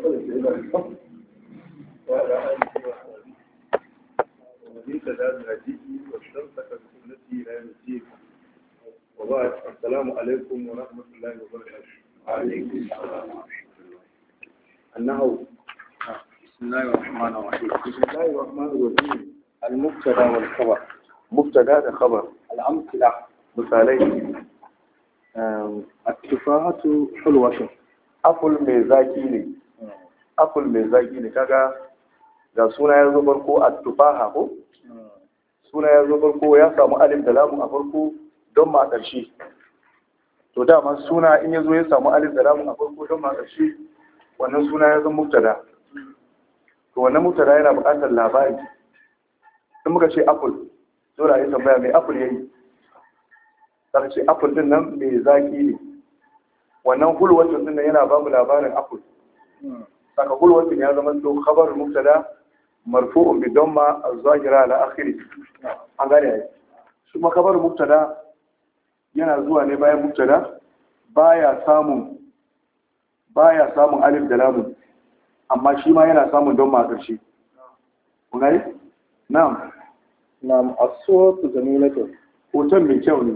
السلام عليكم ورحمه الله وبركاته. وعليكم السلام ورحمه الله. النهو بسم الله الرحمن الرحيم. بسم الله الرحمن الرحيم. المبتدا والخبر. مبتدا ده خبر. الامثله مثالين. التفاهه حلوه. apple mai zaki apple mai zaki ne kaga ga suna ya zo farko a tufaha ko suna ya zo farko ya samu alif da lamun a farko don ma ƙarshe to dama suna in ya zo ya samu alif da lamun a farko don ma ƙarshe wannan suna ya zo mubtada to wannan mubtada yana buƙatar labari in muka ce apple dole a yi tambaya mai apple yayi zaka ce apple din nan mai zaki ne wannan hulwatun din nan yana ba mu labarin apple saka hulwatin ya zama to khabar mubtada marfu'un bi damma az-zahira ala akhiri an gane ai shi ma khabar mubtada yana zuwa ne bayan mubtada baya samun baya samun alif da lamun amma shi ma yana samun damma a ƙarshe kun gane na'am na'am as-suratu jamilatu hoton mai kyau ne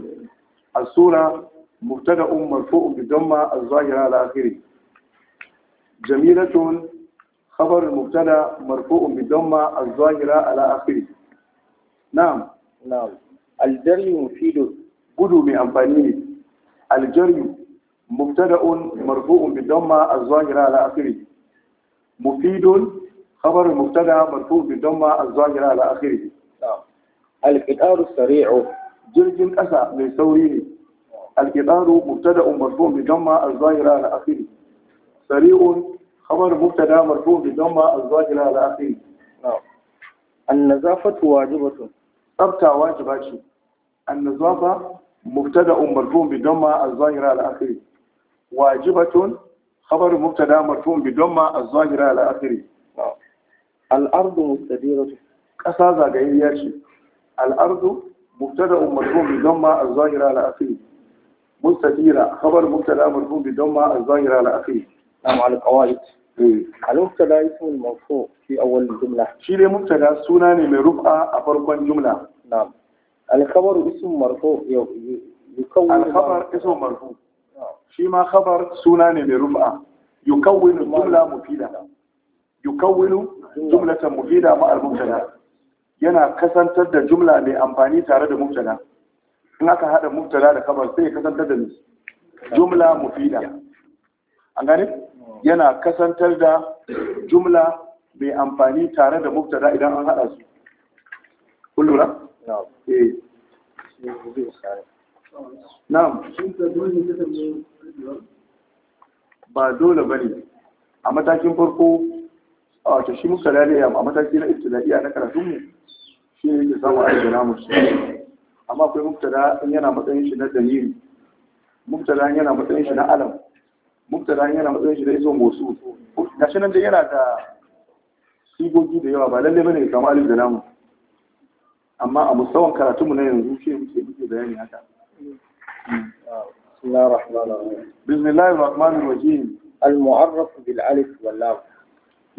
as-sura mubtada'un marfu'un bi damma az-zahira ala akhiri جميلة خبر المبتدا مرفوع بالضمة الظاهرة على آخره نعم نعم الجري مفيد gudu mai amfani ne aljaryu mubtada'un marfu'un bi damma az-zahira ala akhiri mufidun khabar mubtada marfu'un bi damma az-zahira ala akhiri al sari'u jirgin ƙasa mai sauri ne bi damma سريع خبر مبتدا مرفوع بضمه الزواج الى الاخير نعم النظافه واجبه tsafta wajiba ce annazafa مبتدا مرفوع بضمه الظاهره على اخره واجبه خبر مبتدا مرفوع بضمه الظاهره على اخره الارض مستديره قصا زغايريا شي الارض مبتدا مرفوع بضمه الظاهره على اخره مستديره خبر مبتدا مرفوع بضمه الظاهره على اخره نعم على القواعد المبتدا اسم الموصوف في اول الجمله شي دي مبتدا سونا ne mai rufa a farkon jumla na'am al يكون الخبر اسم مرفوع شي ما خبر marfu shi ma khabar suna ne mai rufa yukawwin jumla yana kasantar da jumla mai amfani tare da mubtada in aka hada mubtada da khabar sai ya kasantar da jumla mufida an gane yana kasantar da jumla mai amfani tare da mubtada idan an hada su kullura? lura eh. ba dole bane a matakin farko a wata shi muka lalaya a mataki na ibtidaiya na karatun mu shi ne yake samu aiki na musu amma akwai mubtada yana matsayin shi na dalili mubtada yana matsayin shi na alam mubtada yana matsayin shi da izo motsu gashi nan dai yana da sigogi da yawa ba lalle bane kamar alif da namu amma a musawan karatun mu na yanzu ke muke muke bayani haka بسم الله الرحمن الرحيم بسم الله الرحمن الرحيم المعرف بالالف واللام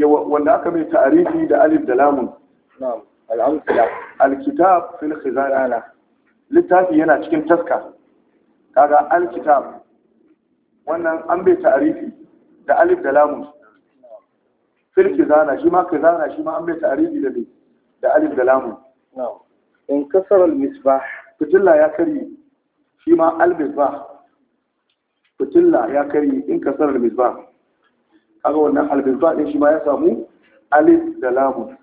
wanda aka mai ta'arifi da alif da lamun alkitab fil khizana littafi yana cikin taska kaga alkitab wannan an bai ta'arifi da alif da lamun fil zana, shi ma kizana shi ma an bai ta'arifi da da alif da lamun in kasar al-misbah fitilla ya kare shi ma al-misbah fitilla ya kare in kasar al-misbah kaga wannan al-misbah din shi ma ya samu alif da lamun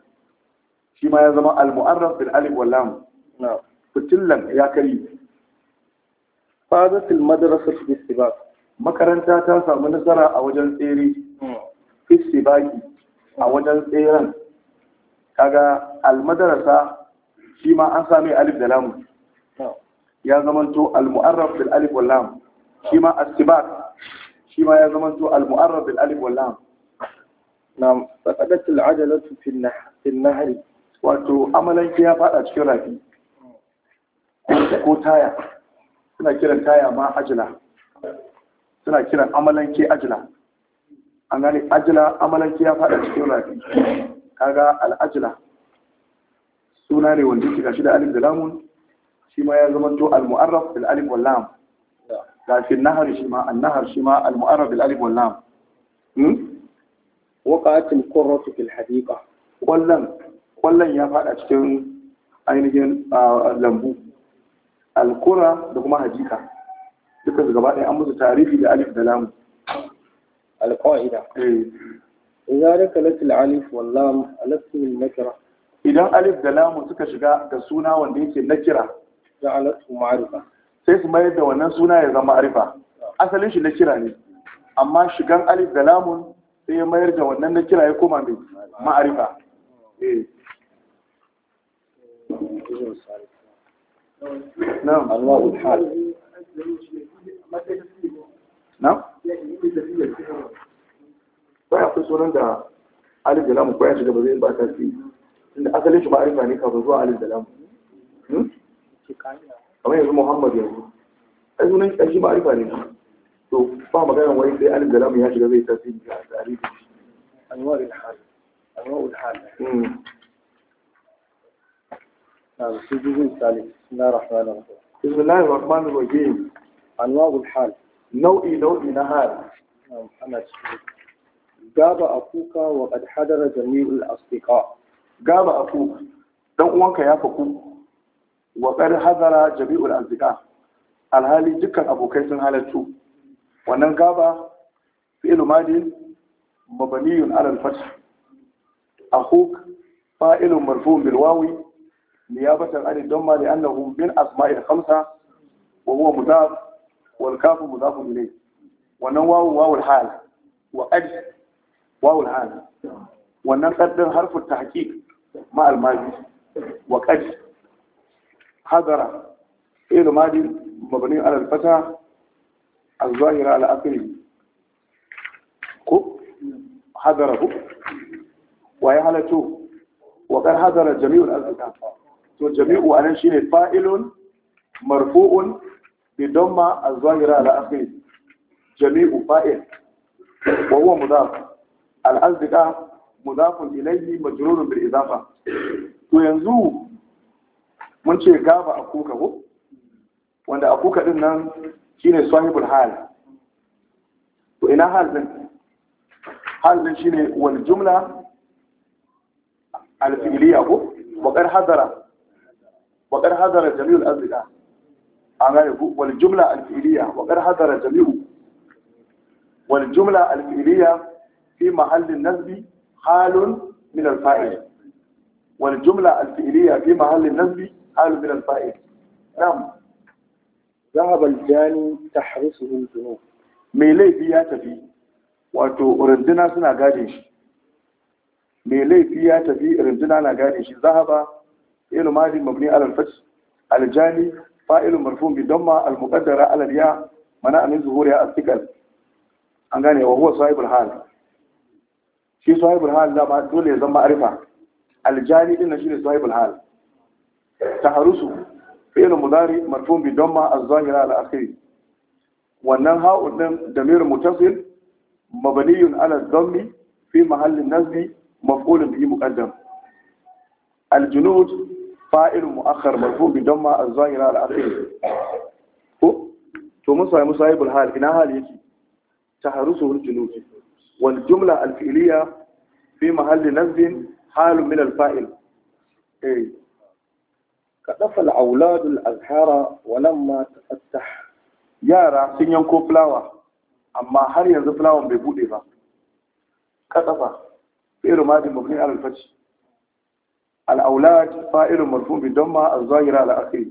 shi ma ya zama al-mu'arraf bil alif wal lam fitillan ya kare fadat al-madrasah bi sibaq makaranta ta samu nasara a wajen tsere hmm. fiske baki a wajen tseren kaga almadarasa shi ma an sami alif da lamu hmm. ya zamanto almu'arraf bil alif wal lam shi ma astibaq shi ma ya zamanto almu'arraf bil alif wal lam nam faqadat al ajalatu fi an-nahr wato amalan ya fada cikin rafi hmm. ko taya suna kiran taya ma ajala suna kiran amalanke ajila an gani ajila amalanke ya faɗa cikin rafi kaga al'ajila suna ne wanda ke gashi da alif da lamun shi ma ya zama to al-mu'arraf bil alif wal lam da fi nahar shi ma an-nahar shi ma al-mu'arraf bil alif wal lam hmm? waqa'at al-qurratu fil hadiqa wallan wallan ya faɗa cikin ainihin ah, lambu al-qura da kuma hadika dukkan su gaba ɗaya an musu tarihi da alif da lamu alƙa'ida idza eh. dakalat alif wal lam alasm al idan alif da lamu suka shiga da suna wanda yake nakira ja'alatu ma'rifa sai su mayar da wannan suna ya zama ma'rifa asalin shi nakira ne amma shigan alif da lamun sai ya mayar da wannan nakira ya koma mai ma'rifa eh نعم Allahu ta'ala na? baya akwai sunan da alif da lamu bayan shiga ba zai ba ta fi inda asalin shi ma'arifa ne kafin zuwa alif da lamu kamar yanzu muhammad yanzu ai sunan ƙarshe ma'arifa ne to ba magana wani sai alif da lamu ya shiga zai tasiri ga tarihi anwar al-hal anwar al-hal نعم سجود ثالث بسم الله الرحمن الرحيم بسم الله الرحمن الرحيم anwa'ul hal nau'i nau'i na hal ana cikin gaba akuka wa qad hadara jami'ul asdiqa gaba akuka dan uwanka ya faku wa qad hadara jami'ul asdiqa alhali dukkan abokai sun halattu wannan gaba fi'lu madi mabniyun ala al-fath akuk fa'ilun marfu'un bil wawi niyabatan an ad-damma li annahu min asma'il khamsa wa huwa mudaf wal kafu mudafun ilayhi wannan wawu wawul hal wa qad wawul hal wannan qaddin harfu tahqiq ma al madi wa qad hadara fi'l madi mabni ala al fatha al zahira ku hadara ku wa ya halatu to jami'u anan shine fa'ilun marfu'un بضم الظاهرة على أخيه جميع فائل وهو مضاف الأصدقاء مضاف إليه مجرور بالإضافة وينزو mun ce gaba akuka ko wanda akuka din nan shine sahibul hal to ina hal din hal din shine wal jumla al fi'liya ko wa hadara wa qad hadara an gane ku wal jumla al fi'liya hadara jami'u wal jumla al fi mahallin nasbi halun min al fa'il jumla fi min ذهب الجاني تحرسه الذنوب mai laifi ya tafi wato runduna suna gane shi laifi ya tafi runduna na gane shi zahaba ilu mali mabni aljani Fa'ilu marfun bi damma al-muqaddara ala mana Amin zuhuriya a thiqal an gane wa huwa sahibul hal shi sahibul hal zama dole ya zama arifa al-jani din shine sahibul hal taharusu fi'il mudari marfun bi damma az-zahira ala akhiri wannan ha'un din damir mutasil mabniyun ala dhammi fi mahallin nasbi maf'ulun bihi muqaddam al-junud fa'il mu'akhar marfu bi damma az-zahira da akhir ko to musa musahibul hal ina hal yake tahrusu al-junud wani jumla al-fi'liya fi mahalli nasb hal min fail E, eh. kadafa al-awlad al wa lamma yara sun yanko fulawa amma har yanzu fulawan bai buɗe ba kadafa fi rumadi mabni al Al'aulat الأولاد فائل مرفوع بالضمة الظاهرة على آخره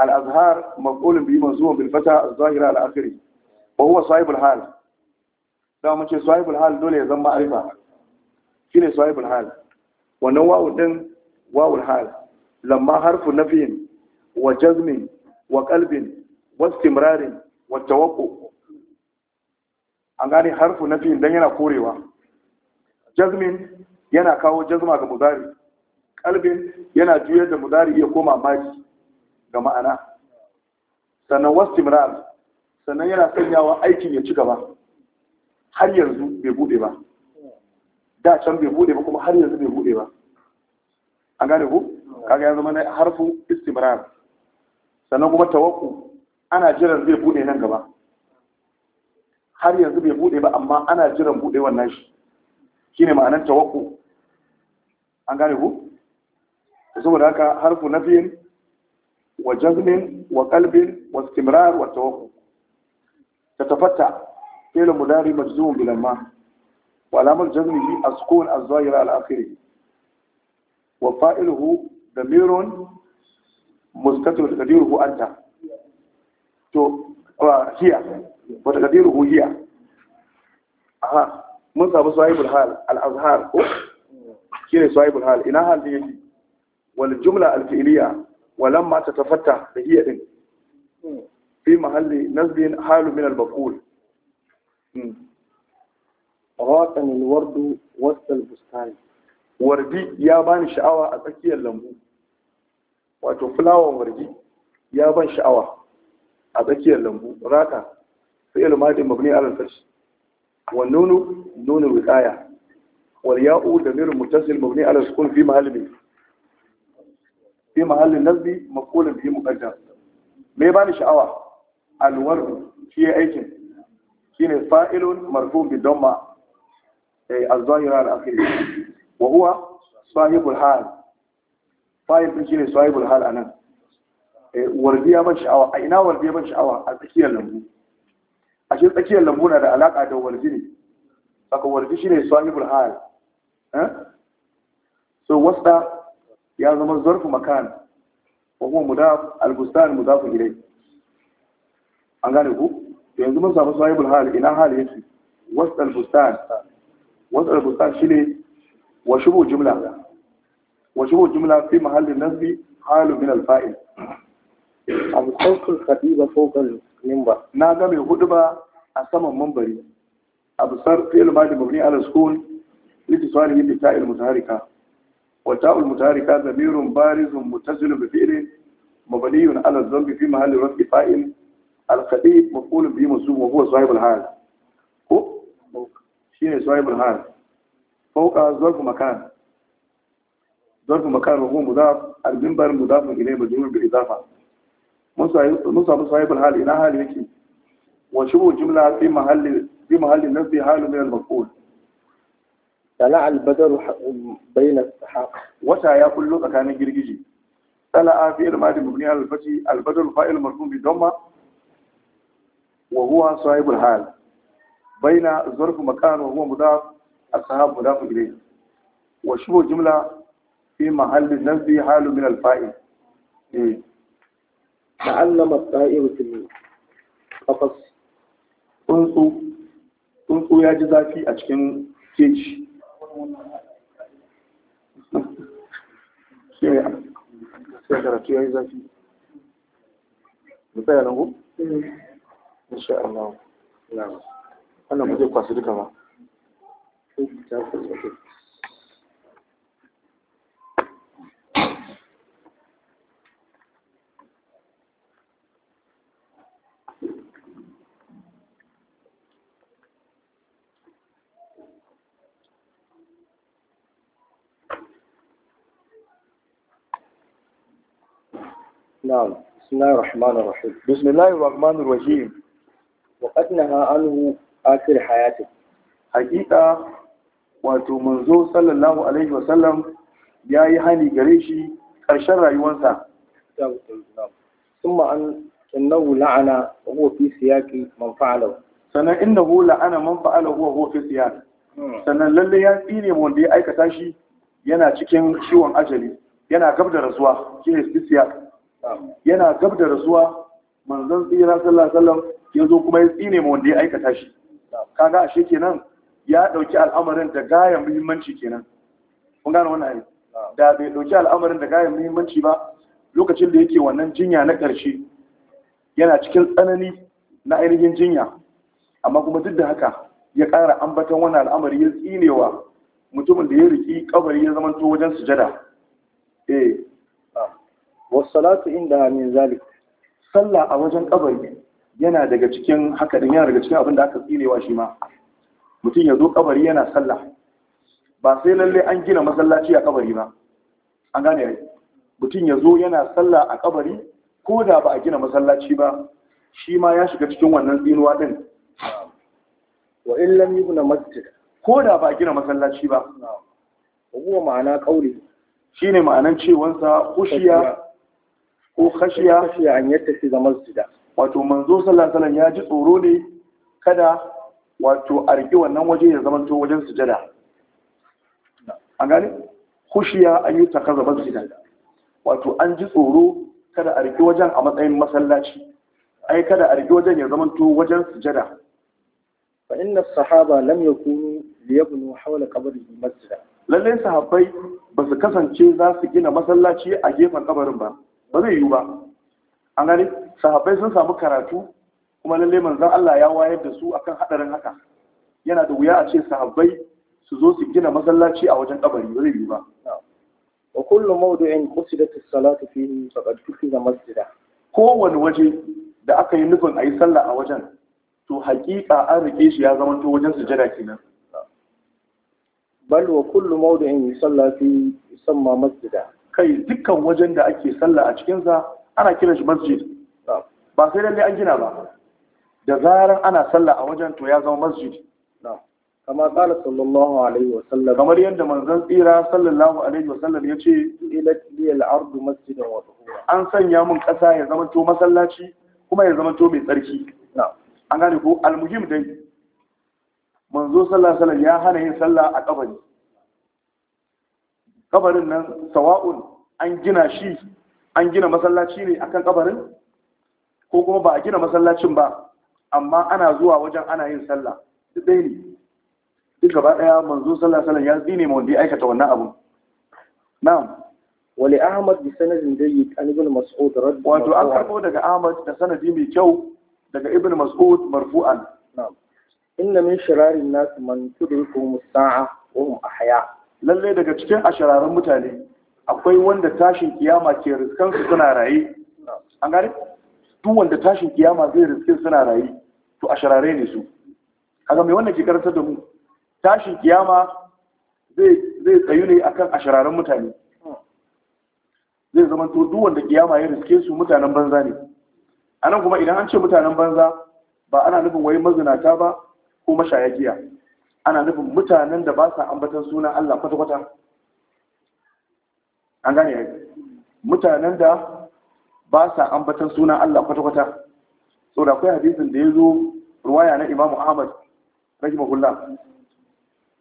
الأظهار مفعول به منصوب بالفتح الظاهرة على Ba وهو صاحب Hal. da mace sahibul hal dole ya zama ma'arifa ne sahibul hal wannan wawu din wawul hal lamma harfu nafiyin wa jazmin wa qalbin wasu istimrarin wa tawaqqu an gane harfu nafiyin dan yana korewa jazmin yana kawo jazma ga muzari kalbin yana juyar da mudari ya koma maki ga ma'ana sannan wastimrar sannan yana sanyawa aikin ya ci gaba har yanzu bai bude ba da can bai bude ba kuma har yanzu bai bude ba an gane ku kaga ya zama na harfu istimrar sannan kuma tawakku ana jiran zai bude nan gaba har yanzu bai bude ba amma ana jiran bude wannan shi shine ma'anar tawakku an gane ku saboda haka harfu na nafin wa jazmin wa Kalbin wa istimrar wa tawakkul tatafatta fi'l mudari majzum bil ma wa alamat jazmihi a sukun a zahira al akhiri wa fa'iluhu damirun mustatir taqdiruhu anta to hiya wa taqdiruhu hiya aha mun samu sahibul hal al-azhar ko shine sahibul hal ina hal din yake wal jumla al fi'liya walam ma da hiya din fi mahalli nasbin halu min al maqul hmm. rawatan al ward wasta ya bani sha'awa a tsakiyar lambu wato fulawan wardi ya ban sha'awa a tsakiyar lambu rata fi'il madin mabni ala al fath wa nunu nunu wiqaya wal fi fi mahallin nasbi maqulun bihi muqaddam me ba ni sha'awa alward shi ya aikin shine fa'ilun marfu'un bi damma ay eh, az-zahira al-akhir wa huwa sahibul hal fa'il din shine sahibul hal anan eh, wardiya ban sha'awa a ina wardiya ban sha'awa a tsakiyar lambu a tsakiyar lambu na da alaka da wardi ne saka wardi shine sahibul hal eh so wasta ya zama zarfi makan ko kuma mudaf al-bustan mudaf ilay an gane ku yanzu mun samu sahibul hal ina hal yake wasal bustan wasal bustan shine wa shubu jumla wa shubu jumla fi mahalli nasbi halu min al-fa'il am khawful khatiba fawqa al-minbar na ga mai ba a saman mambari absar fi'il madi mabni ala sukun litisarihi bi ta'il mutaharika وتاء المتحركة ضمير بارز متصل بفعل مبني على الذنب في محل رفع فاعل القديم مفعول به منصوب وهو صاحب الحال هو شيء صاحب الحال فوق ظرف مكان ظرف مكان وهو مضاف المنبر مضاف إليه مجرور بالإضافة مصاب صاحب الحال إلى حال يكي وشبه الجملة في محل في محل النصب حال من المفعول tana albadar bayyana ha wata ya kullo tsakanin girgije tana a fiye da ma da mabini albaci albadar fa’il marfin bidoma wa huwa sahi burhan bayyana zurfi makan wa huwa muda a sahab muda ku gire wa shi jimla fi mahallin nan zai halu min alfa’i ne eh. da annama sa’i rufin kafas tsuntsu ya ji zafi a cikin keji sai karatu ya yi zafi mu tsaya ku? insha Allah wannan ba zai kwasu duka ba نعم بسم الله الرحمن الرحيم بسم الله الرحمن الرحيم وقد نهى عنه آخر حياته حقيقة wato manzo sallallahu alaihi wasallam ya yi hani gareshi shi ƙarshen rayuwarsa ثم أن إنه لعن وهو في سياق من فعله sannan inda hu la'ana man fa'ala huwa huwa sannan lalle ya tsine mu wanda ya aikata shi yana cikin ciwon ajali yana gab da rasuwa shine yana gab da rasuwa manzon tsira sallallahu alaihi ya zo kuma ya tsine mu wanda ya aikata shi kaga ashe kenan ya dauki al'amarin da gayan muhimmanci kenan kun gane wannan ne da bai dauki al'amarin da gayan muhimmanci ba lokacin da yake wannan jinya na ƙarshe yana cikin tsanani na ainihin jinya amma kuma duk da haka ya ƙara ambaton wani al'amari ya tsinewa mutumin da ya riki kabari ya zamanto wajen sujada eh wasalatu inda min zalik sallah a wajen kabari yana daga cikin haka yana daga cikin abin da aka tsirewa shi ma mutum ya zo kabari yana sallah ba sai lalle an gina masallaci a kabari ba an gane ai mutum ya zo yana sallah a kabari ko da ba a gina masallaci ba shi ma ya shiga cikin wannan tsinuwa din wa in lam yubna masjid ko da ba a gina masallaci ba wa ma'ana qauli shine ma'anan cewansa kushiya ko khashiya khashiya an yattafi da masjida wato manzo sallallahu alaihi ya ji tsoro ne kada wato a riki wannan waje ya zama to wajen sujada an gane khushiya an yi takaza masjida wato an ji tsoro kada a riki wajen a matsayin masallaci ai kada a riki wajen ya zama to wajen sujada fa inna sahaba lam yakunu liyabnu hawla qabrihi masjida lallai sahabbai ba su kasance za su gina masallaci a gefen kabarin ba ba zai yiwu ba an gani sahabbai sun samu karatu kuma lalle manzon Allah ya wayar da su akan hadarin haka yana da wuya a ce sahabbai su zo su gina masallaci a wajen kabari ba zai yiwu ba wa kullu mawdu'in qusidat as-salatu fihi faqad kufira masjida wani waje da aka yi nufin a yi sallah a wajen to hakika an rike shi ya zama to wajen sujada kenan bal wa kullu mawdu'in yusalla fi yusamma masjida kai dukkan wajen da ake sallah a cikinsa ana kiran shi masjid ba sai lalle an gina ba da zarar ana sallah a wajen to ya zama masjid kama kala sallallahu alaihi wa sallam kamar yadda manzon tsira sallallahu alaihi wa sallam ya ce ila liyal ardu masjidan wa tuhura an sanya mun kasa ya zama to masallaci kuma ya zama to mai tsarki an gane ko almuhim dai manzo sallallahu alaihi wa sallam ya hana yin sallah a kabari kabarin nan sawa'un an gina shi an gina masallaci ne akan kabarin ko kuma ba a gina masallacin ba amma ana zuwa wajen ana yin sallah duk ɗaya ne duk gaba ɗaya manzo sallah sallah ya zine ma wanda ya aikata wannan abu na'am wali ahmad bi sanadin jayyid kan ibn mas'ud radiyallahu wato an karbo daga ahmad da sanadi mai kyau daga ibn mas'ud marfu'an na'am inna min shirarin nas man tudrikuhum as-sa'a wa hum ahya lalle daga cikin ashirarin mutane akwai wanda tashin kiyama ke riskan su suna raye an gane duk wanda tashin kiyama zai riskin suna raye to ashirare ne su kaga mai wannan ke karantar da mu tashin kiyama zai zai tsayu ne akan ashirarin mutane zai zama to duk wanda kiyama ya riske su mutanen banza ne anan kuma idan an ce mutanen banza ba ana nufin wai mazinata ba ko mashaya ana nufin mutanen da ba sa ambatan sunan Allah kwata-kwata an gane mutanen da ba sa ambatan sunan Allah kwata-kwata so da akwai hadisin da ya zo ruwaya na imamu ahmad rahimahullah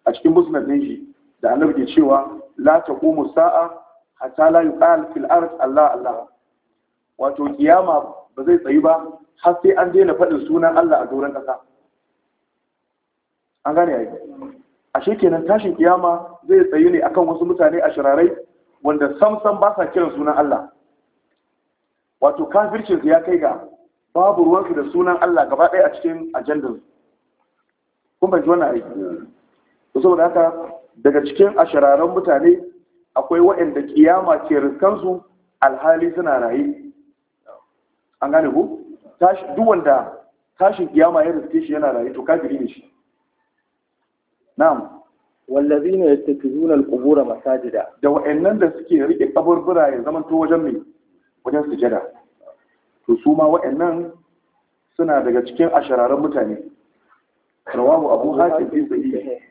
a cikin musnad ne shi da annabi ke cewa la taqumu sa'a hatta la yuqal fil ard Allah Allah wato kiyama ba zai tsayi ba har sai an daina faɗin sunan Allah a doron ƙasa an gane yayi ashe kenan tashin kiyama zai tsayu ne akan wasu mutane a shirarai wanda sam sam ba sa kiran sunan Allah wato kafircin su ya kai ga babu ruwansu da sunan Allah gaba ɗaya a cikin ajandar kun bai wannan aiki saboda haka daga cikin ashiraren mutane akwai waɗanda kiyama ke su alhali suna raye an gane ku duk wanda tashin kiyama ya riske shi yana raye to kafiri ne shi na'am wallazina yattakizuna alqubur masajida da wa'annan da suke rike kaburbura ya zama to wajen mai wajen sujada to su ma wa'annan suna daga cikin ashararan mutane rawahu abu hatim fi sahih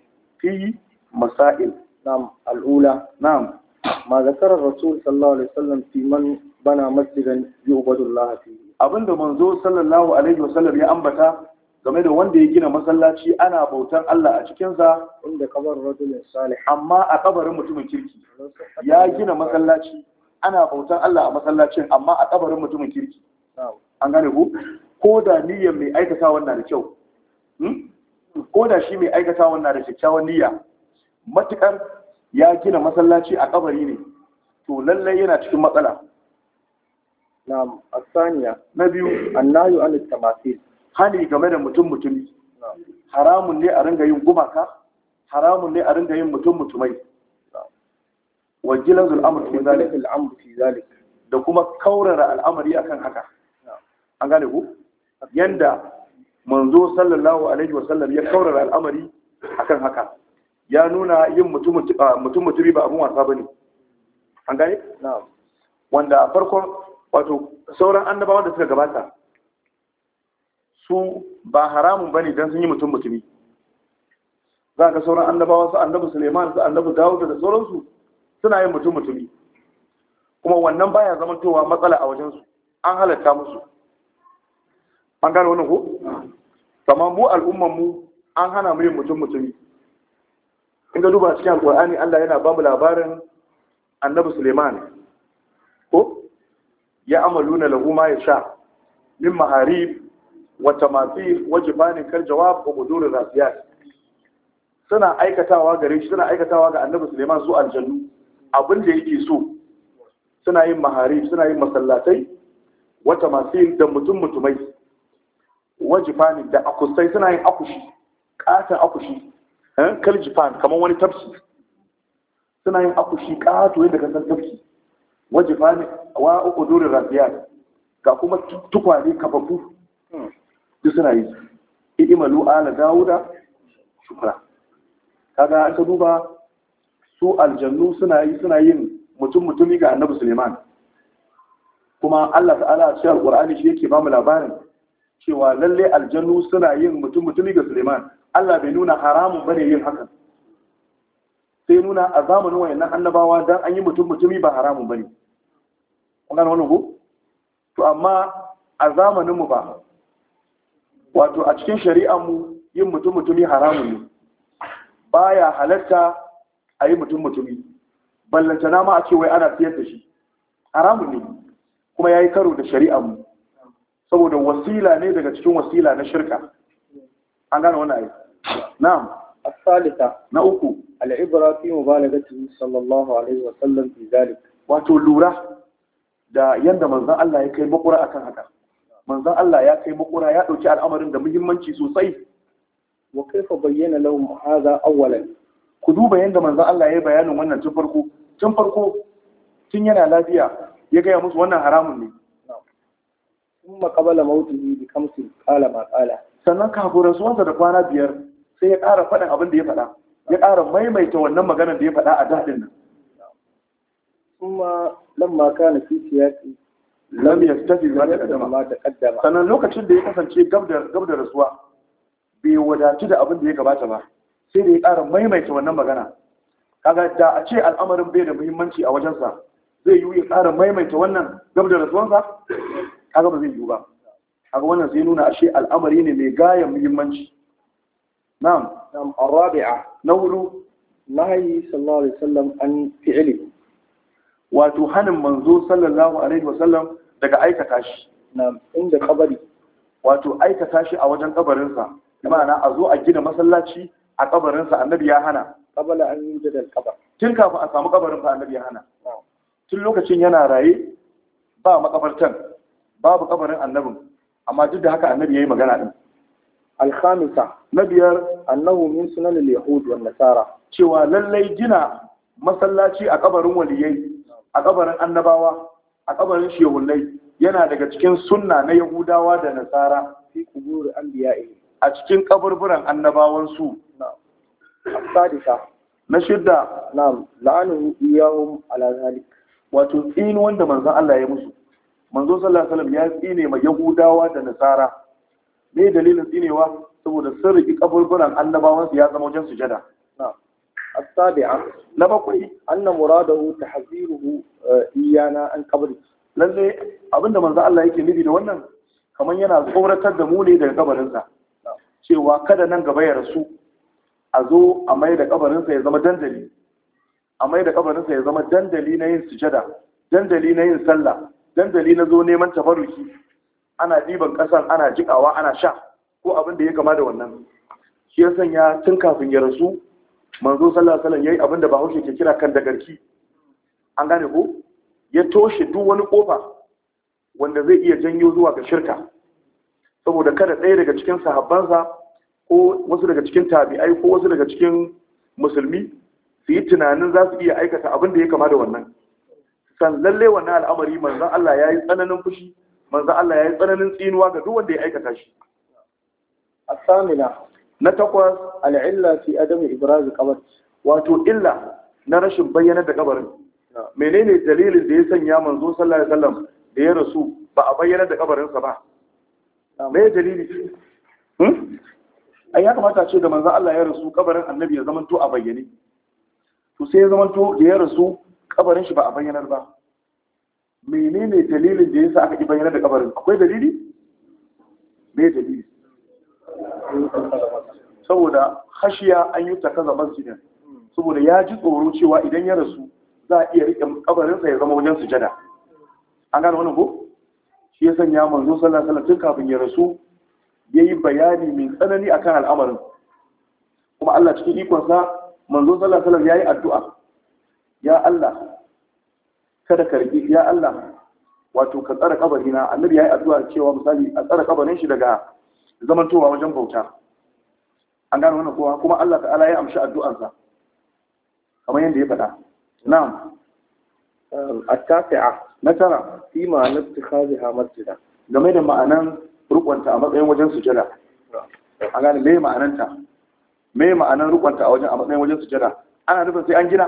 fi masail na'am al'ula na'am ma zakara rasul sallallahu alaihi wasallam fi man bana masjidan yu'badu Allah fihi abinda manzo sallallahu alaihi wasallam ya ambata game da wanda ya gina masallaci ana bautan Allah a cikinsa inda kabar salih amma a kabarin mutumin kirki ya gina masallaci ana bautan Allah a masallacin amma a kabarin mutumin kirki an gane ku ko da niyyar mai aikata wannan da kyau hmm? ko da shi mai aikata wannan da kyakkyawan niyya matukar ya gina masallaci a kabari ne to lallai yana cikin matsala na biyu annayu an hani game da mutum mutumi haramun ne a ringa yin gumaka haramun ne a ringa yin mutum mutumai Wajilan zul'amur fi zalik al fi zalik da kuma kaurara al'amari akan haka an gane ku yanda manzo sallallahu alaihi wa sallam ya kaurara al'amari akan haka ya nuna yin ah, mutum mutumi ba abun wasa bane an gane na'am wanda farkon wato sauran annabawa da suka gabata su ba haramun ba ne don sun yi mutum mutumi za ka sauran annabawa su annabi Suleiman su Annabu Dawud da sauransu suna yin mutum mutumi kuma wannan baya towa matsala a wajensu, an halatta musu an gane wani ko kamar mu al'umman mu an hana mu yin mutum mutumi in ga duba cikin Alƙur'ani, Allah yana ba mu labarin annabi Suleiman ko ya amaluna lahu ma sha min maharib wata mafi bani kar jawab ko gudurin rafiyar suna aikatawa gare shi suna aikatawa ga annabi suleiman su aljannu abin da yake so suna yin mahari suna yin masallatai wata masu da mutum mutumai wajibanin da akusai suna yin akushi katon akushi kal japan kamar wani tafsi suna yin akushi kato yadda kasar tafsi wajibanin wa uku durin rafiyar ga kuma tukwane kafafu duk suna yi idimalu ala dawuda shukra kaga an aka duba su aljannu suna yi suna yin mutum mutumi ga annabi suleiman kuma Allah ta'ala a cikin Alƙur'ani shi yake bamu labarin cewa lalle aljannu suna yin mutum mutumi ga suleiman Allah bai nuna haramun bane yin hakan sai nuna a zamanin wayannan annabawa dan an yi mutum mutumi ba haramun bane kun gane wannan ko to amma a zamanin mu ba wato a cikin shari'ar mu yin mutum mutumi haramun ne baya halatta a yi mutum mutumi ballantana ma a cewai wai ana siyar da shi haramun ne kuma ya yi karo da shari'ar mu saboda wasila ne daga cikin wasila na shirka an gane wani ayi na'am الثالثة نأكو العبرة في Sallallahu alaihi wa sallam, fi في Wato lura da دا يندم Allah ya kai بقرأ akan haka. manzon Allah ya kai makura ya ɗauki al'amarin da muhimmanci sosai wa kaifa bayyana lahum hadha awwalan ku duba yanda manzon Allah ya bayanin wannan tun farko tun farko tun yana lafiya ya gaya musu wannan haramun ne kuma qabala mautihi bi kamsin qala ma qala sannan kafin rasuwansa da kwana biyar sai ya ƙara faɗin abin da ya faɗa ya ƙara maimaita wannan maganar da ya faɗa a dadin nan kuma lamma kana fi siyasi lam yaktafi ma taqaddama sannan lokacin da ya kasance gab da rasuwa bai wadatu da abin da ya gabata ba sai da ya ƙara maimaita wannan magana kaga da a ce al'amarin bai da muhimmanci a wajensa zai yiwu ya ƙara maimaita wannan gab da rasuwansa kaga ba zai yiwu ba kaga wannan zai nuna ashe al'amari ne mai gayan muhimmanci na'am na'am arabi'a na hudu nahi sallallahu alaihi wasallam an fi'li wato hanin manzo sallallahu alaihi wasallam daga aikata shi na inda kabari wato aikata shi a wajen kabarinsa ma'ana a zo a gina masallaci a kabarinsa annabi ya hana kabala an yi da kabar tun kafin a samu kabarin fa annabi ya hana tun lokacin yana raye ba makabartan babu kabarin annabin amma duk da haka annabi yayi magana din Alkhamisa na biyar annahu min sunan al-yahud wan nasara cewa lallai gina masallaci a kabarin waliyai a kabarin annabawa a kabarin shehunnai yana daga cikin sunna na yahudawa da nasara a cikin kaburburan annabawansu su sadisa na shidda na'am la'anu iyahum ala zalik wato tsini wanda manzon Allah ya musu manzon sallallahu alaihi wasallam ya tsine ma yahudawa da nasara me dalilin tsinewa saboda sun kaburburan annabawan su ya zama wajen sujada السابعة نبقي أن مراده تحذيره إيانا عن قبره lalle abinda manzo Allah yake nibi da wannan kamar yana tsoratar da mu ne daga kabarinsa cewa kada nan gaba ya rasu a zo a mai da kabarinsa ya zama dandali a mai da ya zama dandali na yin sujada dandali na yin sallah dandali na zo neman tabaruki ana diban kasan ana jikawa ana sha ko abin da ya kama da wannan shi ya sanya tun kafin ya rasu manzo sallallahu alaihi wasallam yayi abinda bahaushe ke kira kan da garki an gane ko ya toshe duk wani kofa wanda zai iya janyo zuwa ga shirka saboda kada ɗaya daga cikin sahabbansa ko wasu daga cikin tabi'ai ko wasu daga cikin musulmi su yi tunanin za su iya aikata abin da ya kama da wannan san lalle wannan al'amari manzo Allah ya yi tsananin fushi manzo Allah ya yi tsananin tsinuwa ga duk wanda ya aikata shi asamina na takwas al'illa fi adamu ibrazu kabar wato illa na rashin bayyana da kabarin menene dalilin da ya sanya manzo sallallahu alaihi wasallam da ya rasu ba a bayyana da sa ba me dalili hmm? ai ya kamata ce da manzo Allah ya rasu kabarin annabi ya zamanto a bayyane to sai ya zamanto da ya rasu kabarin shi ba a bayyanar ba menene dalilin da yasa aka bayyana da kabarin akwai dalili me dalili saboda hashiya an yi zaman masjidin saboda ya ji tsoro cewa idan ya rasu za a iya riƙe kabarinsa ya zama wajen sujada an gane wani ko shi ya sanya manzo sallallahu alaihi wasallam tun kafin ya rasu ya yi bayani mai tsanani akan al'amarin kuma Allah cikin ikonsa manzo sallallahu alaihi wasallam yayi addu'a ya Allah kada ka rike ya Allah wato ka tsara kabarina annabi yayi addu'a cewa misali a tsara kabarin shi daga zamantowa wajen bauta an gano wannan kowa kuma Allah ta'ala ya amshi addu'arsa kamar yadda ya faɗa na'am at-tasi'a na tara fi ma'anar tikhaziha masjida game da ma'anan rukunta a matsayin wajen sujada an gane me ma'ananta me ma'anan rukunta a wajen a matsayin wajen sujada ana nufin sai an gina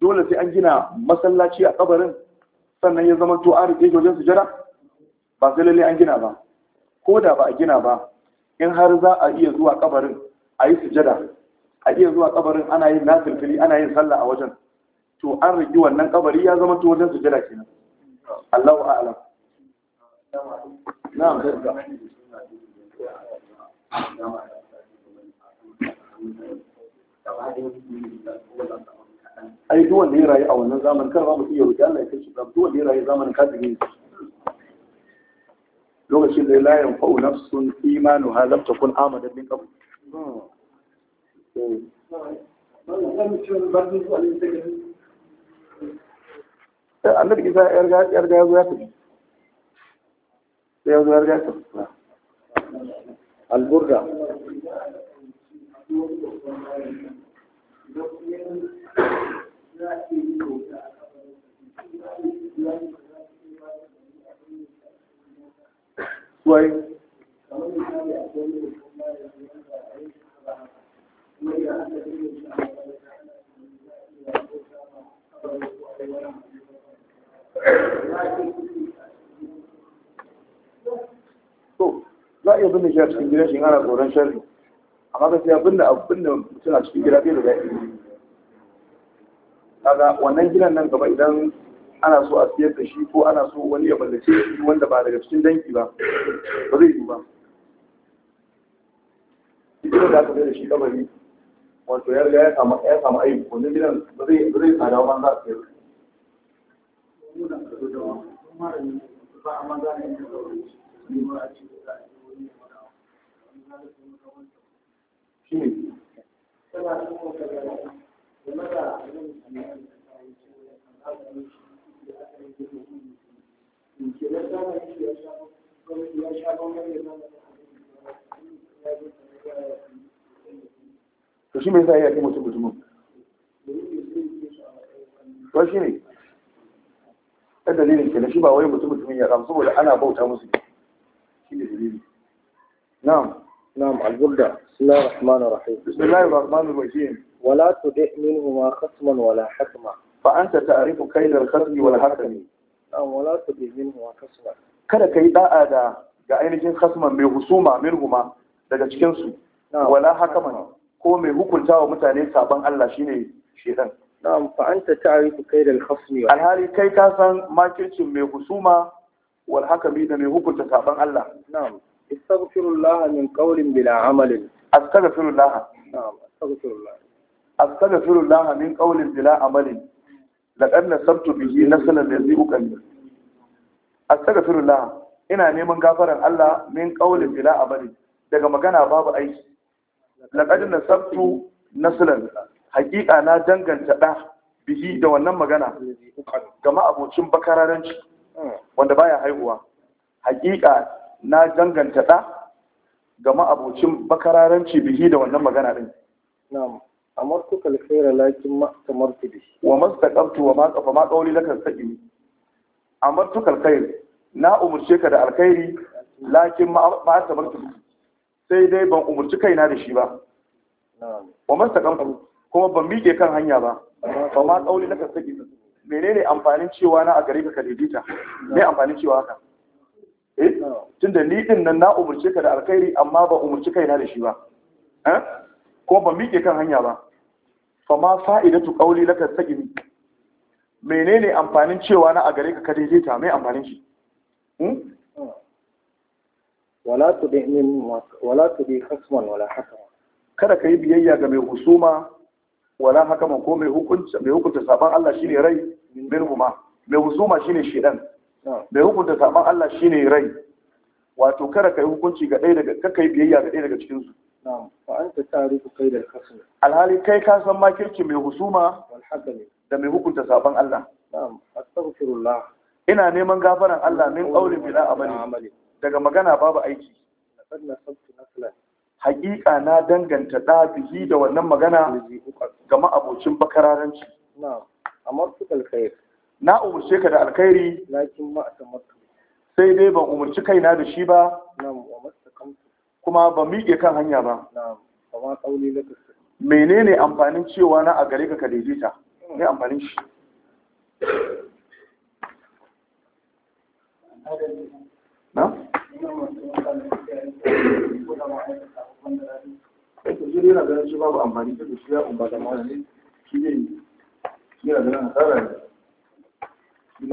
dole sai an gina masallaci a kabarin sannan ya zama to an rike wajen sujada ba sai lalle an gina ba ko da ba a gina ba in har za a iya zuwa kabarin a yi sujada a iya zuwa kabarin ana yin nasirfili ana yin sallah a wajen to an rigi wannan kabari ya zama to wajen sujada kenan Allahu a'lam na'am ai duwan ne rayu a wannan zamanin kar ba mu iya rubuta Allah ya kai shi duk wanda rayu zamanin kafiri lokacin da la yanfa'u nafsun imanuha lam takun amadan min ya zo ya tafi ya zo ya iya binne shi a cikin gidan shi ana tsoron sharri amma gaskiya binne abin da cikin gida fiye da daɗi kaga wannan gidan nan gaba idan ana so a siyar da shi ko ana so wani ya mallake shi wanda ba daga cikin danki ba ba zai yi ba gidan da aka da shi kabari wato ya riga ya samu ya samu aiki wannan gidan ba zai ba zai tsada ba za a siyar ba a shi ne to shi mai sa ya mutum mutumin to shi ne ɗan dalilin ke shi ba wai mutum mutumin ya saboda ana bauta musu shi ne dalili na'am نعم البردة بسم الله الرحمن الرحيم بسم الله الرحمن الرحيم ولا تدع منهما خصما ولا حكما فأنت تعرف كيد الخصم والحكم نعم ولا تدع منهما خصما kada ka yi da'a da ga ainihin khasman mai husuma minhuma daga cikinsu wala hakaman ko mai hukunta wa mutane saban Allah shine shedan na'am fa anta ta'rifu kayd al-khasmi alhali kai ka san makircin mai husuma wal hakami da mai hukunta saban Allah na'am istaghfirullah min qawlin bila amalin astaghfirullah na'am astaghfirullah min qawlin bila amalin laqad nasabtu bihi nasalan ladhi uqalli astaghfirullah ina neman gafaran Allah min qawlin bila amalin daga magana babu aiki laqad nasabtu nasalan hakika na danganta da bihi da wannan magana gama abocin bakararanci hmm. wanda baya haihuwa hakika na ganganta ɗa ga ma'abocin bakararanci bihi da wannan magana ɗin na'am amartu kal khaira lakin ma tamartu bi wa mastaqabtu wa ma qafa ma qawli laka saqim amartu kal khair na umurce ka da alkhairi lakin ma tamartu bi sai dai ban umurci kaina da shi ba wa mastaqabtu kuma ban miƙe kan hanya ba Ba ma qawli laka saqim menene amfanin cewa na a gare ka ka daidaita me amfanin cewa haka Eh? tunda ni din nan na umurce ka da alkhairi amma ba umurci kaina da shi ba eh ko ba miƙe kan hanya ba fa ma fa'idatu qawli laka sajini menene amfanin cewa na a gare ka ka ta mai amfanin shi hmm? wala tudi min wala tudi khasman wala hakama kada ka yi biyayya ga mai husuma wala hakama ko mai hukunta mai hukunta saban Allah shine rai min huma mai husuma shine shedan mai hukunta saman Allah shi ne rai wato kada yi hukunci ga ɗaya daga kakai biyayya ga ɗaya daga cikin su alhali kai ka san makirci mai husuma da mai hukunta saban Allah ina neman gafaran Allah min qawlin a amali daga magana babu aiki hakika na danganta da da wannan magana gama abocin bakararanci amma su kalkayar na umarce ka da alkhairi lakin ma a sai dai ban umarci kaina da shi ba kuma ban miƙe kan hanya ba menene amfanin cewa na a gare ka ka ne amfanin shi na? ganin amfani da shi ya da shi ne yana ne بسم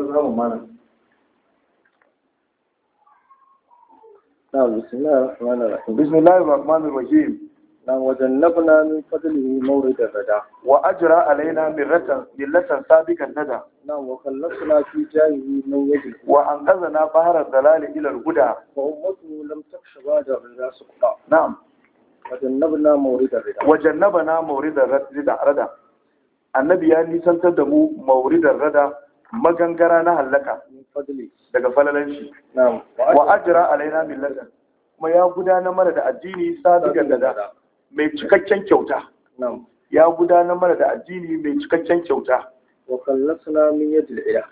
الله الرحمن الرحيم بسم نعم وجنبنا من فضله مورد الردى وأجرى علينا من ملة سابقا ندى نعم وخلصنا في جاهه من يجل وأنقذنا بحر الضلال إلى الهدى وأمته لم تكش بعد الردى سقطا نعم وجنبنا مورد الردى وجنبنا مورد الردى النبي يعني سنتدمو مورد الردى magangara na hallaka daga falalan shi wa ajira alaina millatan kuma ya gudanar mana da addini sabigan da mai cikakken kyauta ya gudanar mana da addini mai cikakken kyauta wa kallasna min yadil iya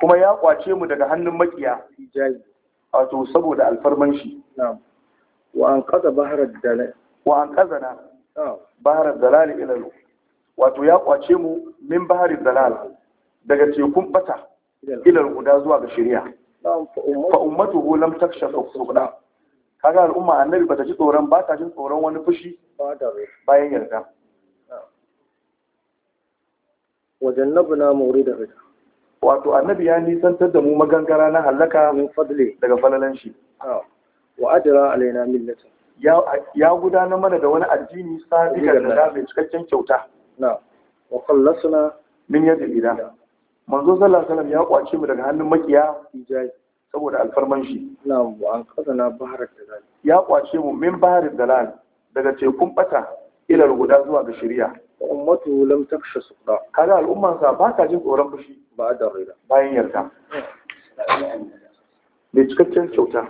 kuma ya kwace mu daga hannun makiya wato saboda alfarman shi wa an kaza baharar dalal wa an na baharar dalal ila wato ya kwace mu min baharar dalal daga tekun bata ilar guda zuwa ga shirya fa ummatuhu lam takshafa suqda kaga al'umma annabi bata ji tsoron ba ta jin tsoron wani fushi bayan yarda Wajen wajannabna da rika. wato annabi ya nisantar da mu magangara na hallaka daga falalan shi wa ajra alaina millata ya ya gudanar mana da wani addini sadiqa da mai cikakken kyauta na wa khallasna min yadda idan manzo sallallahu alaihi wasallam ya kwace mu daga hannun makiya saboda alfarman shi na'am wa an qadana bahar dalal ya kwace mu min bahar dalal daga tekun bata ila guda zuwa ga shari'a ummatu lam taksha suqda Kada al'umman sa ba ta jin tsoron fushi ba da rida bayan yarda da cikakken kyauta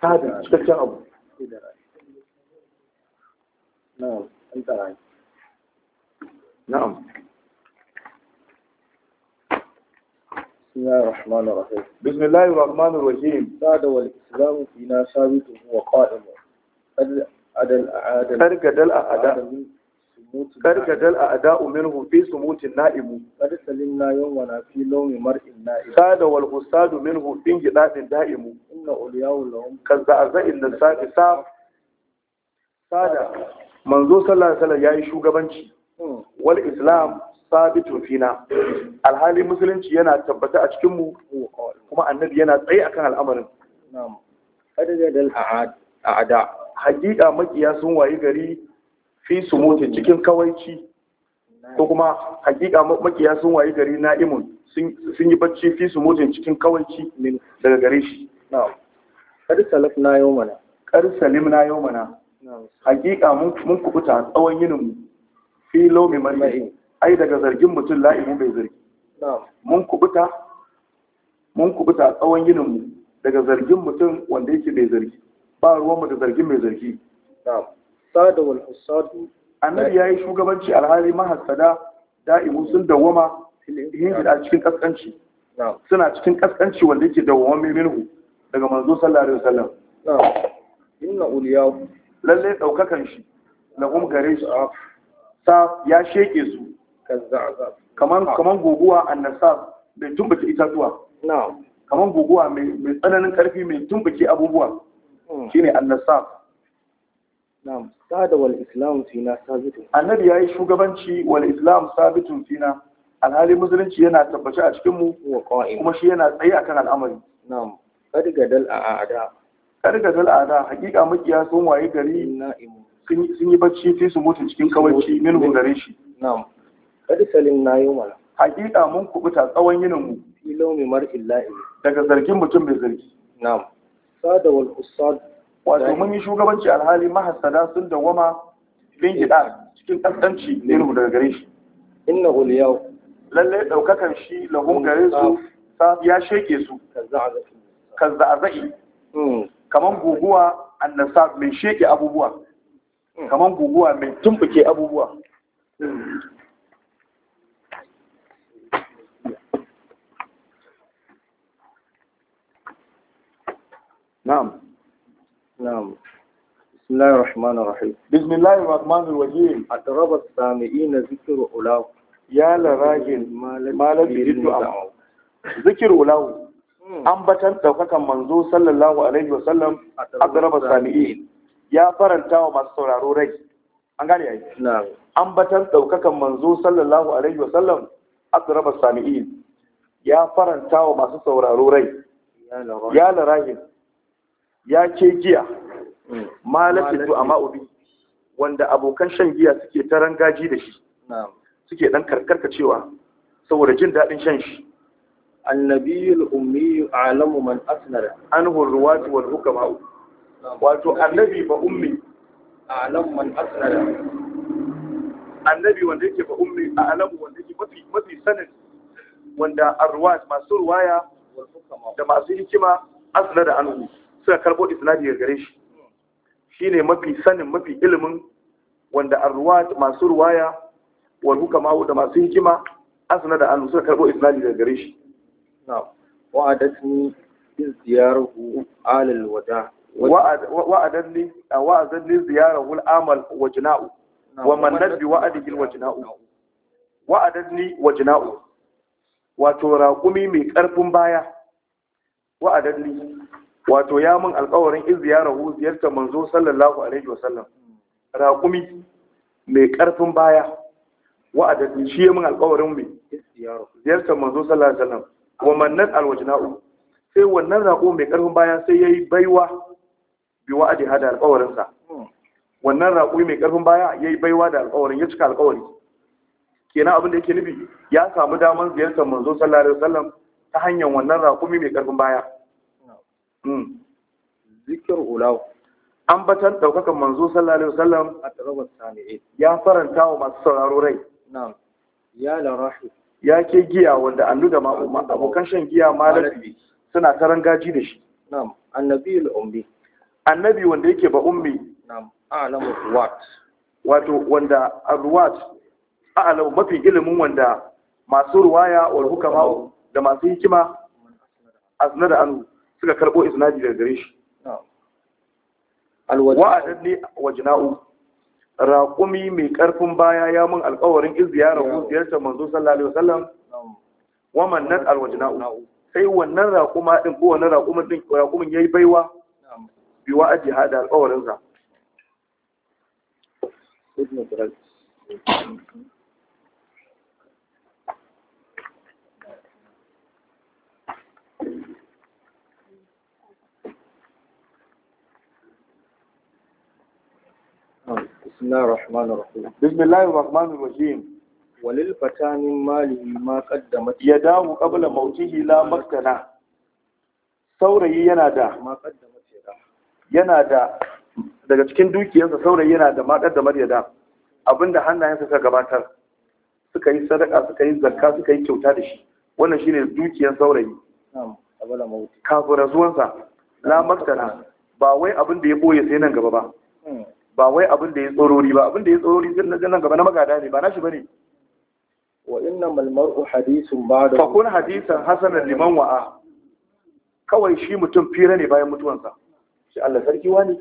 sada cikakken abu na'am na'am بسم الله الرحمن الرحيم بسم الله الرحمن الرحيم بعد والإسلام فينا ثابت وقائم أرقد الأعداء أرقد الأعداء منه في سموت النائم قد سلمنا يومنا في لوم مرء النائم ساد والحساد منه في انجلاب دائم إن أولياء لهم كالزعزع النساء ساف ساد منذ صلى الله عليه وسلم يعيش شوغبانشي والإسلام sabitun fina alhali musulunci yana tabbata a cikin mu kuma annabi yana tsaye akan al'amarin a'ada hakika makiya sun wayi gari fi su mutu cikin kawaici ko kuma hakika makiya sun wayi gari na'imun sun yi bacci fi su mota cikin kawaici daga gare shi na'am kar salafna yawmana kar salimna yawmana hakika mun kubuta tsawon yinin fi lomi marmarin ai daga zargin mutum la'imin bai zargi mun kubuta mun kubuta tsawon yininmu daga zargin mutum wanda yake bai zargi ba ruwanmu da zargin mai zargi Annabi ya yi shugabanci alhali mahassada da'imu sun dawwama yin a cikin kaskanci suna cikin kaskanci wanda yake dawwama mai minhu daga manzo sallar alaihi wasallam inna shi na gare su saf ya sheke su Ah. kaman guguwa annasab mai tumbace itatuwa kaman guguwa mai tsananin karfi mai tumbace abubuwa hmm. shine annasab na'am sada wal islam fina sabitun annabi yayi shugabanci wal islam sabitun fina alhali musulunci yana tabbace a cikin mu kuma shi yana tsaye akan al'amari na'am kadgadal a'ada a a'ada hakika makiya sun waye gari sun yi bacci sai su mutu cikin kawaici min gare shi na'am Kadi salim na yi mana. Hakika mun kubuta tsawon yinin mu. Filo mai mar la'i. Daga zargin mutum bai zargi. Na'am. Sada wal usad. Wato mun yi shugabanci alhali mahasada sun dawama bin gida cikin kaskanci ne mu daga gare shi. Inna uliyau. Lallai ɗaukakan shi lahum gare su ya sheke su. Kazza azai. Hmm. Kaman guguwa annasa mai sheke abubuwa. Hmm. Kaman guguwa mai tumbuke abubuwa. Hmm. نعم نعم بسم الله الرحمن الرحيم بسم الله الرحمن الرحيم أترب السامعين ذكر أولاه يا لراجل ما لك جد أمعه ذكر ambatan daukakan manzo sallallahu alaihi wa sallam adraba sami'in ya faranta wa masu sauraro rai an gane yayi na'am ambatan daukakan manzo sallallahu alaihi wa sallam adraba sami'in ya faranta wa masu sauraro rai ya la ya ke giya mm. malafi to a ubi wanda abokan shan giya suke taron gaji da shi suke dan cewa saboda jin daɗin shan shi annabi al'ummi alamu man asnada anhu ruwati wal hukama wato annabi ba ummi alamu man asnar annabi wanda yake ba ummi alamu wanda yake mafi mafi sanin wanda arwa masu ruwaya da masu hikima da anhu suka karbo isnadi ga gare shi shine mafi sanin mafi ilimin wanda arwa masu ruwaya wal hukama da masu hikima asna da an suka karbo isnadi ga gare shi Wa adatni in ziyaruhu alal wada wa adatni ziyaruhu al'amal wajna'u wa man nadbi Wa adatni wa jina'u wato raƙumi mai ƙarfin baya adatni wato ya mun alƙawarin iz ziyarahu ziyartar manzo sallallahu alaihi wasallam raƙumi mai ƙarfin baya wa'adatu shi ya mun alƙawarin mai ziyarta manzo sallallahu alaihi wasallam wa mannan alwajna'u sai wannan raƙo mai ƙarfin baya sai yayi baiwa bi wa'adi hada alƙawarin sa wannan raƙo mai ƙarfin baya yayi baiwa da alƙawarin ya cika alƙawari kenan abin da yake nufi ya samu daman ziyartar manzo sallallahu alaihi wasallam ta hanyar wannan raƙumi mai ƙarfin baya Hmm. zikir ulahu ambatan daukakan manzo sallallahu alaihi wasallam a tarabar sami'i ya faranta wa masu sauraro rai na'am ya rahi ya ke giya wanda annu da ma'umma abokan shan giya malabi suna taran gaji da shi na'am annabi al-ummi annabi wanda yake ba ummi na'am a'lamu wat wato wanda arwat a'lamu mafi ilimin wanda masu ruwaya wal hukama da masu hikima asnada anhu suka karbo isnadi daga gare shi wa'adar ne wajina'u raƙumi mai ƙarfin baya ya mun alƙawarin in ziyarar ko ziyartar manzo sallallahu alaihi wasallam wa mannan alwajina'u sai wannan raƙuma din ko wannan raƙumin din raƙumin yayi baiwa bi wa aji hada alƙawarin sa بسم الله الرحمن الرحيم وللفتان الله ما قدمت يداه قبل موته لا مكنا ya la yana da ma yada yana da daga cikin dukiyarsa saurayi yana da ma qaddama yada abinda hannayensa suka gabatar suka yi sadaka suka yi zakka suka yi kyauta da shi wannan shine dukiyar saurayi kafin zuwansa, la maskana ba wai abin da ya boye sai nan gaba ba hmm. ba wai abin da ya tsorori ba abin da ya tsorori zai nan gaba na magada ne ba nashi bane wa inna mal mar'u hadithun ba'da fa kun hadithan hasanan liman wa'a kawai shi mutum fira ne bayan mutuwansa shi Allah sarki wani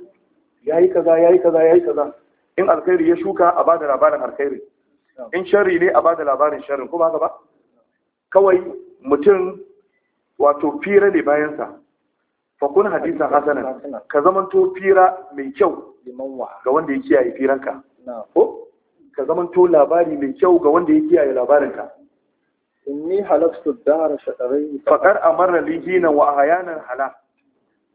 yayi kaza yayi kaza yayi kaza in alkhairi ya shuka a bada labarin alkhairi in sharri ne a bada labarin sharrin kuma haka ba kawai mutum wato fira ne bayan sa. fakun hadisa hasanan ka to fira mai kyau ga wanda ya kiyaye firanka ko ka to labari mai kyau ga wanda ya kiyaye labarinka inni halaktu dar shadari faqar amarra li hinan wa ahyanan hala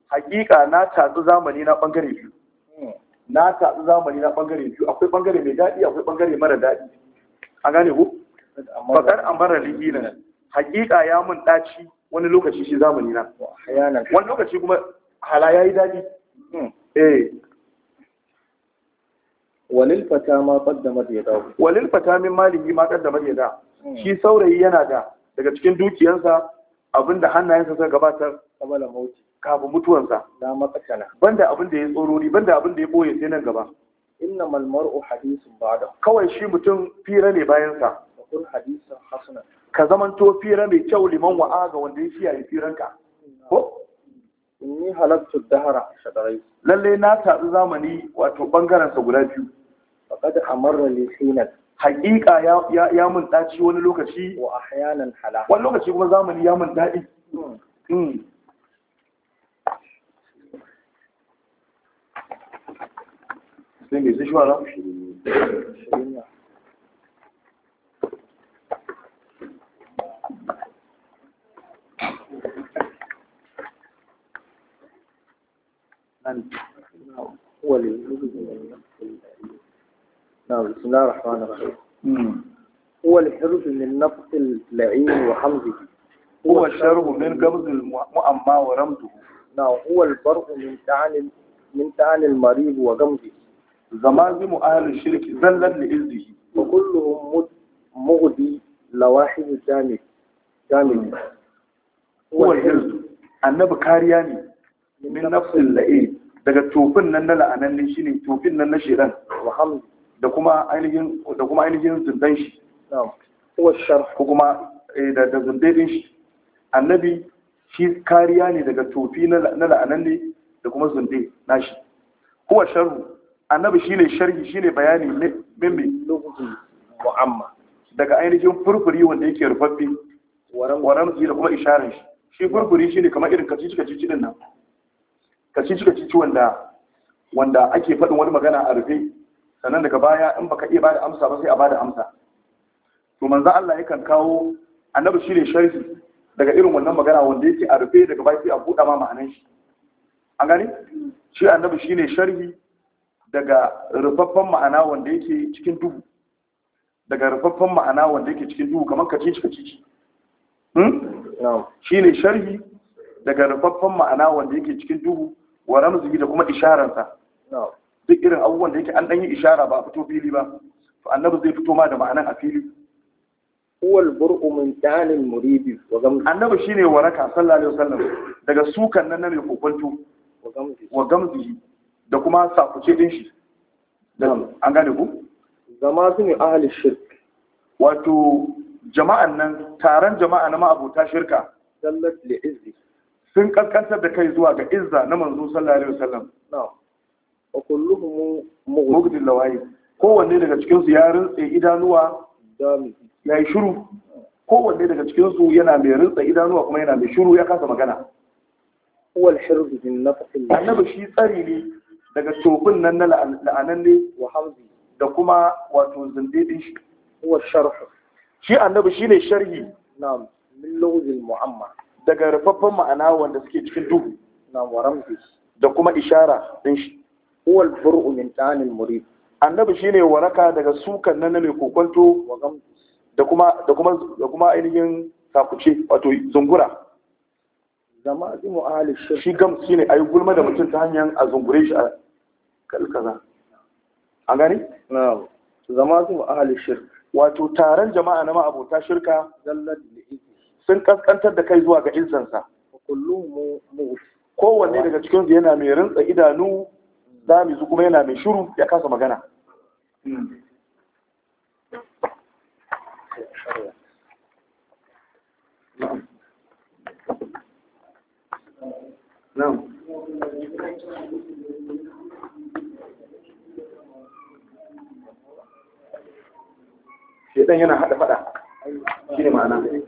hakika na tatsu zamani na bangare biyu hmm. na tatsu zamani na bangare biyu akwai bangare mai dadi akwai bangare mara dadi a gane ko faqar amarra li hinan hakika ya mun daci wani lokaci shi zamani na wani lokaci kuma hala ya yi daɗi hmm. eh walil fata ma qaddamat yada walil fata min malihi ma qaddamat yada hmm. shi saurayi yana da daga cikin dukiyarsa abinda hannayensa zai gabatar kamala mauti kafin mutuwansa la makasana banda abinda ya tsorori banda abinda ya boye sai nan gaba inna mal mar'u hadithun ba'da kawai shi mutum fira ne bayan sa kun hadithun ka zamanto fira mai kyau liman wa'a ga wanda ya kiyaye firanka ko inni halattu dahara shadarai lalle na tatsi zamani wato bangaren sa guda biyu faqad amarra li hinan haqiqa ya ya mun daci wani lokaci wa ahyanan hala wani lokaci kuma zamani ya mun dadi hmm. hmm. sai me zai shi wa نعم بسم الله الرحمن الرحيم هو الحرز من نفس اللعين وحمزه هو الشرب من قبض المؤمى ورمزه نعم هو البرء من تعالي من تعالي المريض وغمزه بمو أهل الشرك ذلا لإذه وكلهم مغدي لواحد جامد جامد هو الحرز أنه بكارياني من min اللعين daga tofin nan na la'anannin shi ne tofin nan na shedan da kuma ainihin da kuma ainihin zundan shi ko kuma eh, da zundadin shi annabi shi kariya ne daga tofi na la'ananne da kuma zunde nashi huwa sharru annabi shi ne shine shi ne bayani min mu'amma daga ainihin furfuri wanda yake rufaffe waran da kuma isharar shi shi furfuri shine kamar irin kacici kacici din nan kacici kacici wanda wanda ake faɗin wani magana a rufe sannan daga baya in baka iya bada amsa ba sai a bada amsa to manzo Allah yakan kawo annabi shine sharhi daga irin wannan magana wanda yake a rufe daga baya sai a buɗa ma ma'anan shi an gani shi annabi shine sharhi daga rufaffen ma'ana wanda yake cikin duhu daga rufaffen ma'ana wanda yake cikin duhu kamar kacici kacici hmm? shi ne sharhi daga rufaffen ma'ana wanda yake cikin duhu wa ramzihi da kuma isharansa duk irin abubuwan da yake an dan yi ishara ba a fito fili ba to annabi zai fito ma da ma'anan a fili huwal bur'u min dalil muridi wa gamzi annabi shine waraka sallallahu alaihi wasallam daga sukan nan na mai kokonto wa gamzi da kuma sakuce din shi an gane ku zama su ne ahli shirk wato jama'an nan taron jama'a na ma'abota shirka dallat li sun kaskantar da kai zuwa ga izza na manzo sallallahu alaihi wasallam wa kulluhum mughdil lawai kowanne daga cikin su ya rintsa idanuwa ya yi shiru kowanne daga cikin su yana mai rintsa idanuwa kuma yana mai shiru ya kasa magana wal hirzu bin nafsin annabi shi tsari ne daga tofin nan na la'anan ne wa hamzi da kuma wato zindidin shi wa sharh shi annabi shine sharhi na'am min lughil mu'amma daga rufaffen ma'ana wanda suke cikin duhu na waramfi da kuma ishara din shi huwal fur'u min tanil murid annabi shine waraka daga sukan nan mai kokonto da kuma da kuma da kuma ainihin sakuce wato zungura zama zimu ahli shi gam shine ayi gulma da mutum ta hanyar a zungure shi a kalkaza an gani na'am zama zimu ahli shirk wato taron jama'a na ma'abota shirka zallat sun kaskantar da kai zuwa ga insansa. kowanne daga cikin su yana mai rintsa idanu za zu kuma yana mai shuru ya kasa magana shi ɗan yana hada shi ne ma'ana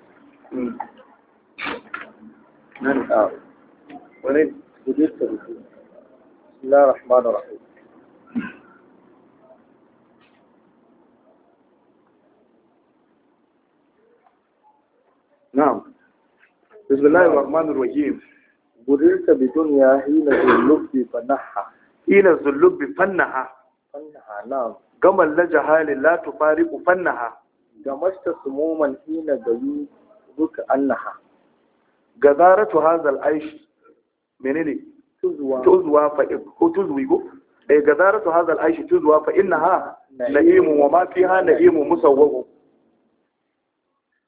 من آه ومن بدون بسم الله الرحمن الرحيم نعم بسم الله الرحمن الرحيم بدلت بدنيا حين الذلب بفنحة حين الذلب بفنحة فنحة نعم كما لجهال لا تفارق فنحة جمشت سموما حين غيوب duka annaha gazaratu hazal aish menene tuzuwa fa ko tuzuwi go eh gazaratu hazal aish tuzuwa fa innaha na'imu wa ma fiha na'imu musawwahu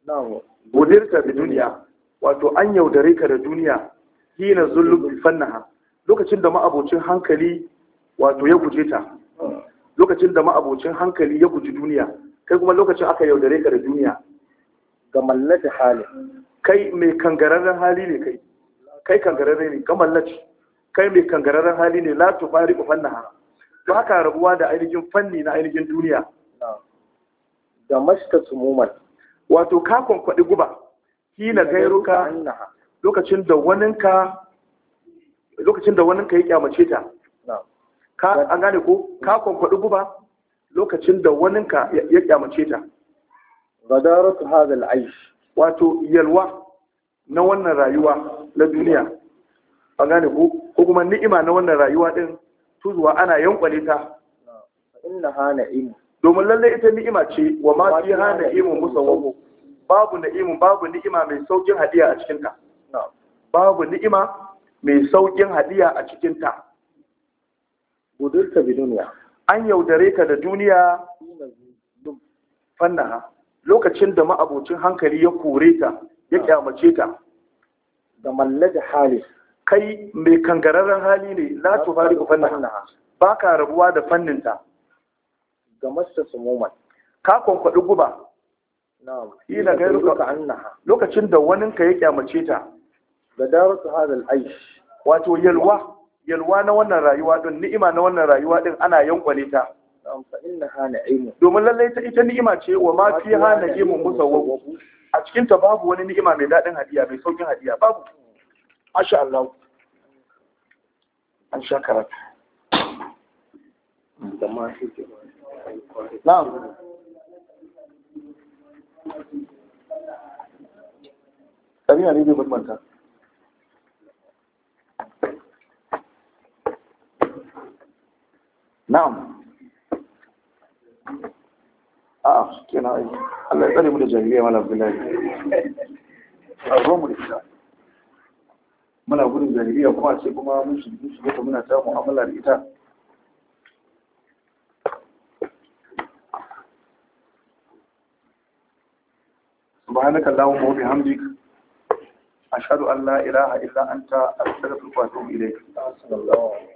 na'am budirta bi dunya wato an yaudare ka da duniya hina zulubul fannaha lokacin da ma'abocin hankali wato ya guje ta ah. lokacin da ma'abocin hankali ya guji duniya kai kuma lokacin aka yaudare ka da duniya ga mallaci hali kai mai kangararren hali ne kai kai kangararren ne ga mallaci kai mai kangararren hali ne la tu fari fannaha to haka rabuwa da ainihin fanni na ainihin duniya da mashta sumuman wato ka kwankwaɗi guba hina gairuka lokacin da waninka lokacin da ka ya kyamace ta ka an gane ko ka kwankwaɗi guba lokacin da waninka ya kyamace ta غدارة هذا العيش واتو يلوى na wannan rayuwa na duniya an gane ku ko kuma ni'ima na wannan rayuwa din tuzuwa ana yankwale ta inna hana imu domin lallai ita ni'ima ce wa ma fi hana imu musawwamu babu na'imu babu ni'ima mai saukin hadiya a cikin ta babu ni'ima mai saukin hadiya a cikin ta budurta bi duniya an yaudare ka da duniya fannaha lokacin da ma'abocin hankali ya kore ta ya kyamace ta da mallaja hali kai mai kangararren hali ne la tufari fannin ba ka rabuwa da fannin ta ga masa sumuman ka kwankwaɗi guba ila ga ruka annaha lokacin da wani ka ya kyamace ta da daratu hadal aish wato yalwa yalwa na wannan rayuwa din ni'ima na wannan rayuwa din ana yankwane ta domin lallai ta ita ni'ima ce wa ma fi ha na'imun musawwab a cikin ta babu wani ni'ima mai daɗin hadiya mai saukin hadiya babu masha Allah an sha karatu na'am Sabina ne bai bambanta. Na'am. Ah, kena yi. Allah ya tsari mu da jariri mana bula yi. Sauro ah, mu da ita. Muna gudun jariri kuma ce kuma mun shi mun shiga muna ta mu'amala da ita. Subhanaka Allahumma wa bihamdik ashhadu an la ilaha illa anta astaghfiruka wa atubu ilayk. Assalamu alaikum.